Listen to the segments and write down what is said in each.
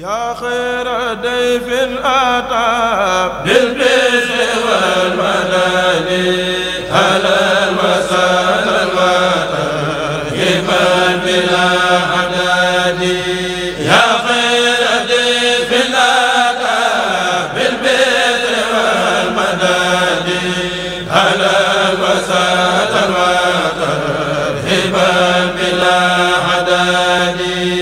yaa xayra dayfin ataa bil birri wal madaadi alal masaanal mataa hiban bilaa adadi yaa xayra dayfin ataa bil birri wal madaadi alal masaanal mataa hiban bilaa adadi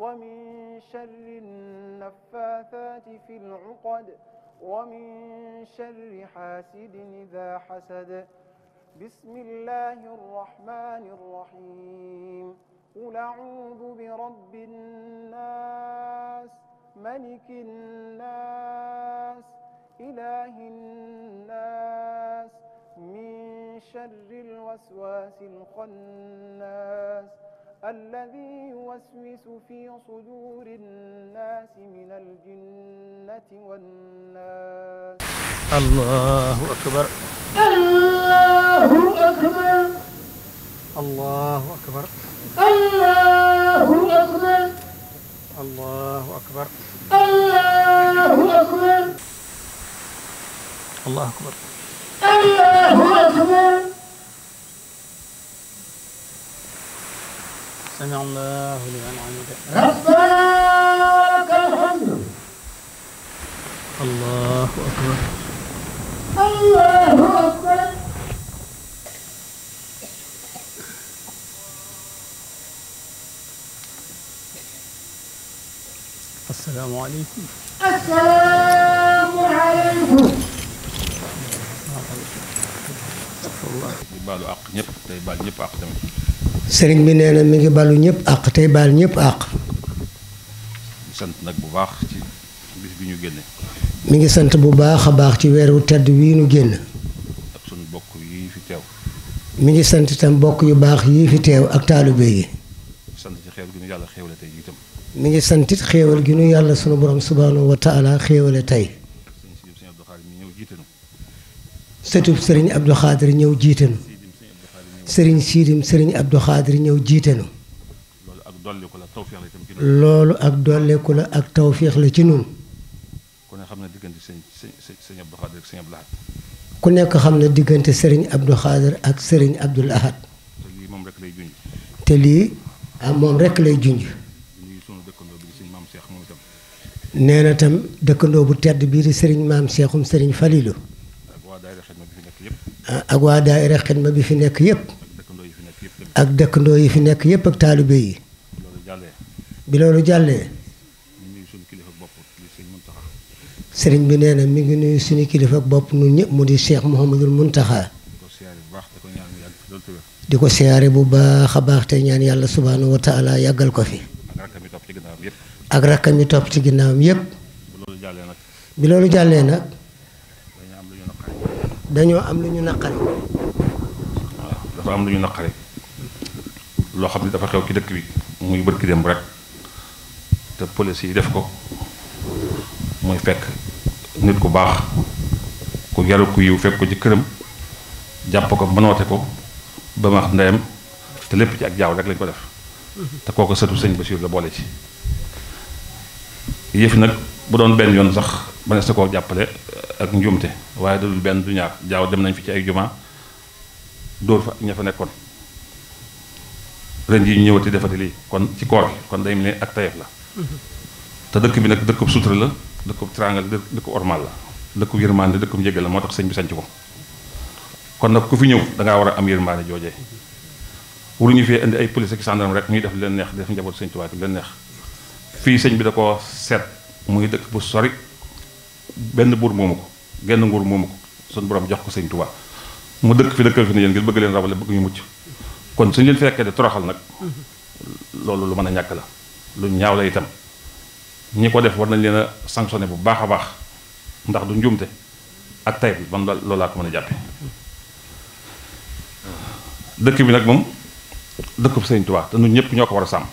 ومن شر النفاثات في العقد ومن شر حاسد إذا حسد بسم الله الرحمن الرحيم قل أعوذ برب الناس ملك الناس إله الناس من شر الوسواس الخناس الذي يوسوس في صدور الناس من الجنة والناس الله أكبر الله أكبر الله أكبر الله أكبر الله أكبر الله أكبر الله أكبر الله أكبر سمع الله لمن حمده ربنا لك الحمد الله أكبر الله أكبر السلام عليكم السلام عليكم baalu àq ñëpp tey baal ñëpp àq tamit sëriñ bi nee na mi ngi balu ñëpp àq tey baal ñëpp àq. sant bu baax mi ngi sant bu baax a baax ci weeru tedd wii ñu génn. ak sunu bokk ngi sant itam bokk yu baax yii fi teew ak taalibe yi. sant ci xéewal yàlla xéewale mi ngi sant it xéewal gi ñu yàlla sunu borom subhaanahu wa taala xéewale tey. sëtub sëriñ Abdou Xaadir ñëw jiite sëriñ siidim sëriñ Abdou Xaadir ñëw jiite nu loolu ak dolleeku la ak tawféex la ci noonu ku nekk xam na diggante sëriñ Abdou Xaadir ak sëriñ Abdou nekk xam na diggante sëriñ Abdou Xaadir ak sëriñ Abdou te lii moom rek lay junj te lii ah, moom rek lay junj nee na tam dëkkandoo bu tedd bii di sëriñ maam Seexum sëriñ Falilu ak waa daayira xidma ak waa daayira xidma bi fi nekk yëpp ah, ak dëkkandoo yi fi nekk yépp ak taalibe yi bi loolu jàllee sëriñ bi nee na mi ngi nuyu suñu kilifa bopp nu ñëpp mu di Cheikh Mouhamadul Muntaxa di ko siyaare bu baax a baax te ñaan yàlla subhaanahu wa yàggal ko fi ak rakkam yi topp ci ginnaawam yépp bi loolu jàllee nag dañoo am lu ñu naqari dafa am lu ñu naqari loo xam ne dafa xew ci dëkk bi muy bërki dem rek te police yi def ko muy fekk nit ku baax ku yaru ku yiw fekk ko ci këram jàpp ko mënoote ko ba ma wax ndeyam te lépp ci ak jaaw rek lañ ko def te kooku sëtu sëñ Basiir la boole ci yëf nag bu doon benn yoon sax ba ne sa koo jàppale ak njuumte waaye dalul benn du ñaar jaaw dem nañ fi ci ay juma dóor fa ña fa nekkoon ren yi ñu ñëwati defati lii kon ci koor kon day mel ne la te dëkk bi nag dëkkub sutura la dëkkub tiraangal dëkkub ormal la dëkkub yërmande dëkkub njëgal la moo tax sëñ bi sanc ko kon nag ku fi ñëw dangaa war a am yërmande joojee waruñu fee indi ay police ak rek ñuy def leen neex def njaboot sëñ Tuubaa leen neex fii sëñ bi da ko seet muy dëkk bu sori benn buur moomu ko genn nguur moomu ko suñu borom jox ko sëñ Tuubaa mu dëkk fi dëkkal fi ne yéen bëgg leen rawale bëgg ñu mucc kon suñ leen fekkee de toroxal nag loolu lu mën a ñàkk la lu ñaaw la itam ñi ko def war nañ leen a sanctionné bu baax a baax ndax du njuumte ak tayib man loolu laa ko mën a jàppe dëkk bi nag moom dëkkub Sëriñ Tuubaa te ñun ñëpp ñoo ko war a sàmm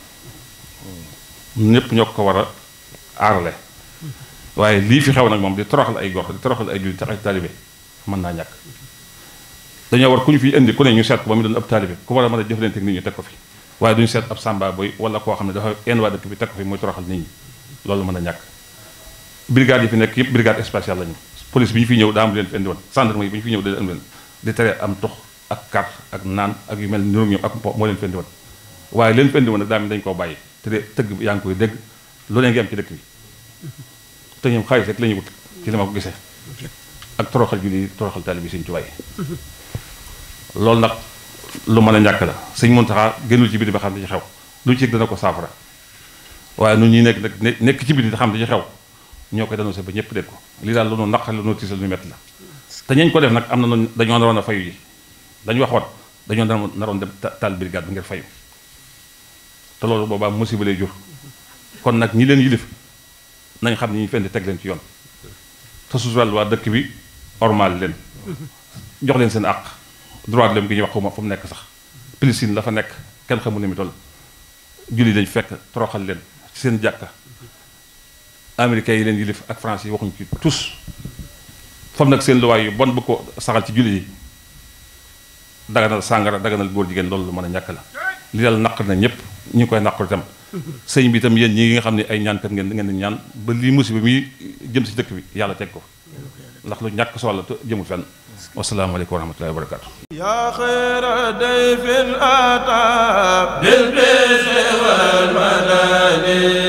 ñun ñëpp ñoo ko war a aarale waaye lii fi xew nag moom di toroxal ay gox di toroxal ay jullit tax ay taalibe mën naa ñàkk dañoo war ku ñu fi indi ku ne ñu seet ko ba mu doon ab taalibe ku war a mën a jëflante ak nit ñi teg ko fi waaye duñu seet ab sàmba boy wala koo xam ne dafa en waa dëkk ko fi muy toroxal nit ñi loolu mën a ñàkk brigade yi fi nekk yëpp brigade spéciale lañu police bi ñu fi ñëw daa am leen fi indi woon gendarme yi bi ñu fi ñëw da leen am di tere am tux ak carte ak naan ak yu mel ni ñoom ak moo leen fi indi woon waaye leen fi indi woon nag daa mel dañu koo bàyyi te tëgg yaa ngi koy dégg lu ne ngi am ci dëkk bi te ñoom xaalis rek la ñuy wut ci li ma ko gisee ak toroxal julli toroxal taalibe bi Sëñ Tuubaa loolu nag lu mën a ñàkk la sëñ Muntaxa génnul ci biir ba xam ne ci xew lu ci dana ko saafara waaye nun ñu nekk nag nekk ci biti te xam ne ci xew ñoo koy dénoncé ba ñëpp dégg ko lii daal lu nu naqar lu nu tiisal lu metti la te ñañ ko def nag am na noonu dañoo naroon a fayu ji dañu waxoon dañoo naroon dem taal brigade bi ngir fayu te loolu boobaa musiba lay jur kon nag ñi leen yilif nañ xam ni ñu fenn teg leen ci yoon te suufal waa dëkk bi ormal leen jox leen seen àq droit de l'homme gi ñu wax ko ma fu mu nekk sax Palestine la fa nekk kenn xamu ne mi toll julli dañ fekk toroxal leen ci seen jàkk américains yi leen yilif ak France yi waxuñ ci tous fam nag seen luwaay yi bon bu ko saxal ci julli yi daganal sàngara daganal góor jigéen loolu lu mën a ñàkk la li dal naq na ñëpp ñu ngi koy naqaru tam sëñ bi itam yéen ñi nga xam ne ay ñaankat ngeen ngeen di ñaan ba lii musiba mii jëm si dëkk bi yàlla teg ko ndax lu ñàkk solo la te wasalaamaaleykum wa rahmatullahi wa barakaatu. yaa xayra dayfin ataa bil bisi wal madani